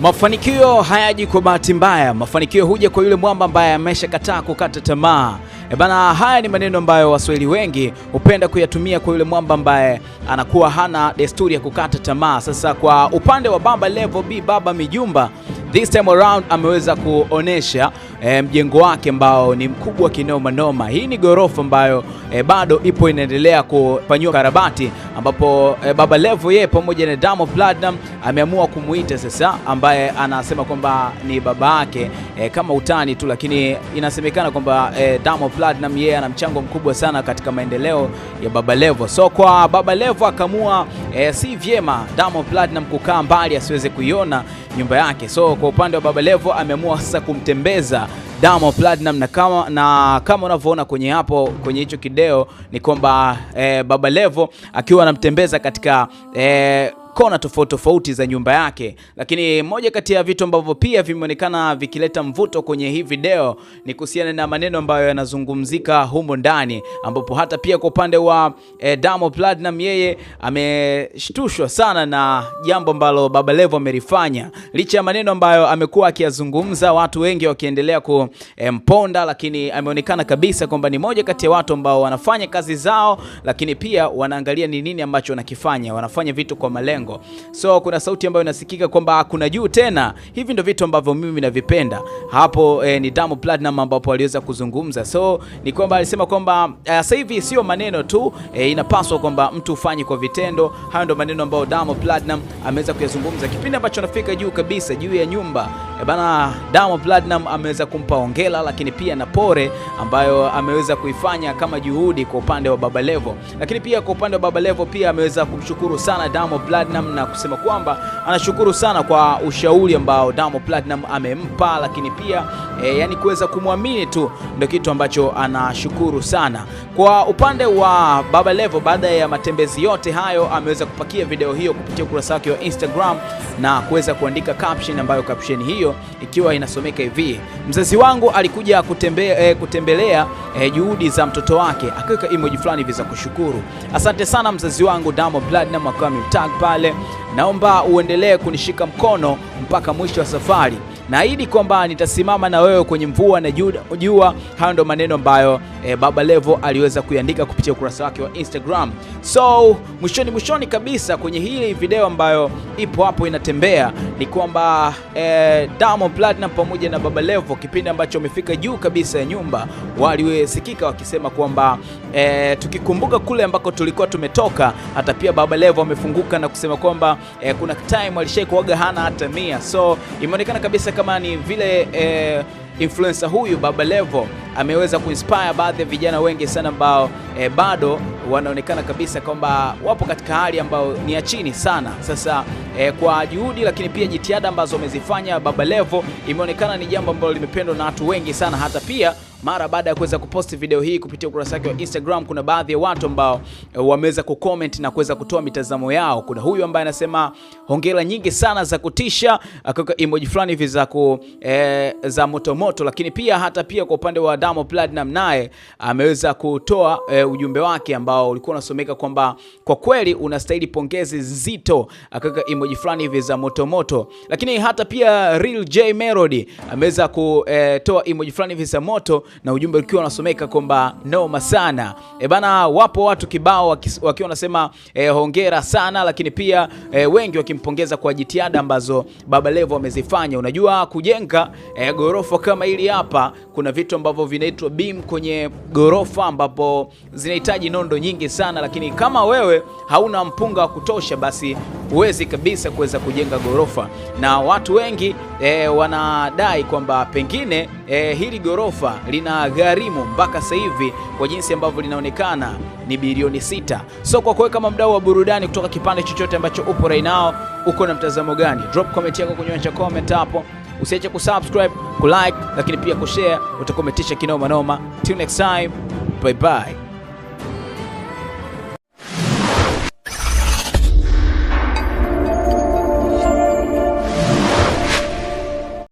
Mafanikio hayaji kwa bahati mbaya, mafanikio huja kwa yule mwamba ambaye ameshakataa kukata tamaa. E bana, haya ni maneno ambayo Waswahili wengi hupenda kuyatumia kwa yule mwamba ambaye anakuwa hana desturi ya kukata tamaa. Sasa kwa upande wa Baba Levo B, Baba Mijumba this time around ameweza kuonesha e, mjengo wake ambao ni mkubwa kinoma noma. Hii ni gorofa ambayo e, bado ipo inaendelea kufanyiwa karabati, ambapo e, Baba Levo yeye pamoja na Diamond Platinum ameamua kumuita sasa, ambaye anasema kwamba ni baba yake e, kama utani tu, lakini inasemekana kwamba e, Diamond Platinum yeye ana mchango mkubwa sana katika maendeleo ya Baba Levo. So kwa Baba Levo akamua e, si vyema Diamond Platinum kukaa mbali asiweze kuiona nyumba yake. So kwa upande wa Baba Levo ameamua sasa kumtembeza Damo Platinum na kama, na kama unavyoona kwenye hapo kwenye hicho kideo ni kwamba eh, Baba Levo akiwa anamtembeza katika eh, kona tofauti tofauti za nyumba yake. Lakini moja kati ya vitu ambavyo pia vimeonekana vikileta mvuto kwenye hii video ni kuhusiana na maneno ambayo yanazungumzika humo ndani, ambapo hata pia kwa upande wa eh, Damo Platinum yeye ameshtushwa sana na jambo ambalo Baba Levo amelifanya, licha ya maneno ambayo amekuwa akiyazungumza, watu wengi wakiendelea kumponda, eh, lakini ameonekana kabisa kwamba ni moja kati ya watu ambao wanafanya kazi zao, lakini pia wanaangalia ni nini ambacho wanakifanya, wanafanya vitu kwa malengo mlango. So kuna sauti ambayo inasikika kwamba kuna juu tena. Hivi ndio vitu ambavyo mimi navipenda hapo. Eh, ni Diamond Platinum ambapo aliweza kuzungumza, so ni kwamba alisema kwamba eh, sasa hivi sio maneno tu eh, inapaswa kwamba mtu ufanye kwa vitendo. Hayo ndio maneno ambayo Diamond Platinum ameweza kuyazungumza kipindi ambacho anafika juu kabisa juu ya nyumba Eh, bana Diamond Platinum ameweza kumpa ongela, lakini pia na pore ambayo ameweza kuifanya kama juhudi kwa upande wa Baba Levo. Lakini pia kwa upande wa Baba Levo pia ameweza kumshukuru sana Diamond Platinum na kusema kwamba anashukuru sana kwa ushauri ambao Diamond Platinum amempa, lakini pia e, yani kuweza kumwamini tu ndio kitu ambacho anashukuru sana. Kwa upande wa Baba Levo, baada ya matembezi yote hayo, ameweza kupakia video hiyo kupitia ukurasa wake wa Instagram na kuweza kuandika caption ambayo caption hiyo ikiwa inasomeka hivi: mzazi wangu alikuja kutembe, eh, kutembelea eh, juhudi za mtoto wake, akiweka emoji fulani hivi za kushukuru. Asante sana mzazi wangu Diamond Platnumz, akiwa ameutag pale. Naomba uendelee kunishika mkono mpaka mwisho wa safari naahidi kwamba nitasimama na wewe kwenye mvua na jua. Hayo ndo maneno ambayo e, Baba Levo aliweza kuiandika kupitia ukurasa wake wa Instagram. So mwishoni mwishoni kabisa kwenye hii video ambayo ipo hapo inatembea ni kwamba e, Diamond Platnumz pamoja na Baba Levo kipindi ambacho wamefika juu kabisa ya nyumba waliwesikika wakisema kwamba e, tukikumbuka kule ambako tulikuwa tumetoka, hata pia Baba Levo amefunguka na kusema kwamba e, kuna time alishaikuaga hana hata mia. So imeonekana kabisa kama ni vile eh, influencer huyu Baba Levo ameweza kuinspire baadhi ya vijana wengi sana ambao eh, bado wanaonekana kabisa kwamba wapo katika hali ambayo ni ya chini sana. Sasa eh, kwa juhudi lakini pia jitihada ambazo wamezifanya Baba Levo imeonekana ni jambo ambalo limependwa na watu wengi sana, hata pia mara baada ya kuweza kuposti video hii kupitia ukurasa wake wa Instagram, kuna baadhi ya watu ambao eh, wameweza kucomment na kuweza kutoa mitazamo yao. Kuna huyu ambaye anasema hongera nyingi sana za kutisha, akaweka emoji fulani hivi za ku e, za motomoto, lakini pia hata pia kwa upande wa Diamond Platinum naye ameweza kutoa e, ujumbe wake ambao ulikuwa unasomeka kwamba kwa kweli unastahili pongezi nzito, akaweka emoji fulani hivi za motomoto, lakini hata pia Real J Melody ameweza kutoa emoji fulani hivi za moto na ujumbe ukiwa unasomeka kwamba noma sana, E bana, wapo watu kibao wakiwa wanasema e, hongera sana, lakini pia e, wengi wakimpongeza kwa jitihada ambazo Baba Levo amezifanya. Unajua kujenga e, gorofa kama hili hapa, kuna vitu ambavyo vinaitwa beam kwenye gorofa ambapo zinahitaji nondo nyingi sana, lakini kama wewe hauna mpunga wa kutosha, basi huwezi kabisa kuweza kujenga gorofa, na watu wengi e, wanadai kwamba pengine e, hili gorofa lina gharimu mpaka sasa hivi kwa jinsi ambavyo linaonekana inayoonekana ni bilioni sita. So kwa kweli, kama mdau wa burudani kutoka kipande chochote ambacho upo right now, uko na mtazamo gani? Drop comment yako kwenye comment hapo, usiache kusubscribe, kulike, lakini pia kushare, utakometisha kinoma noma. Till next time, bye bye.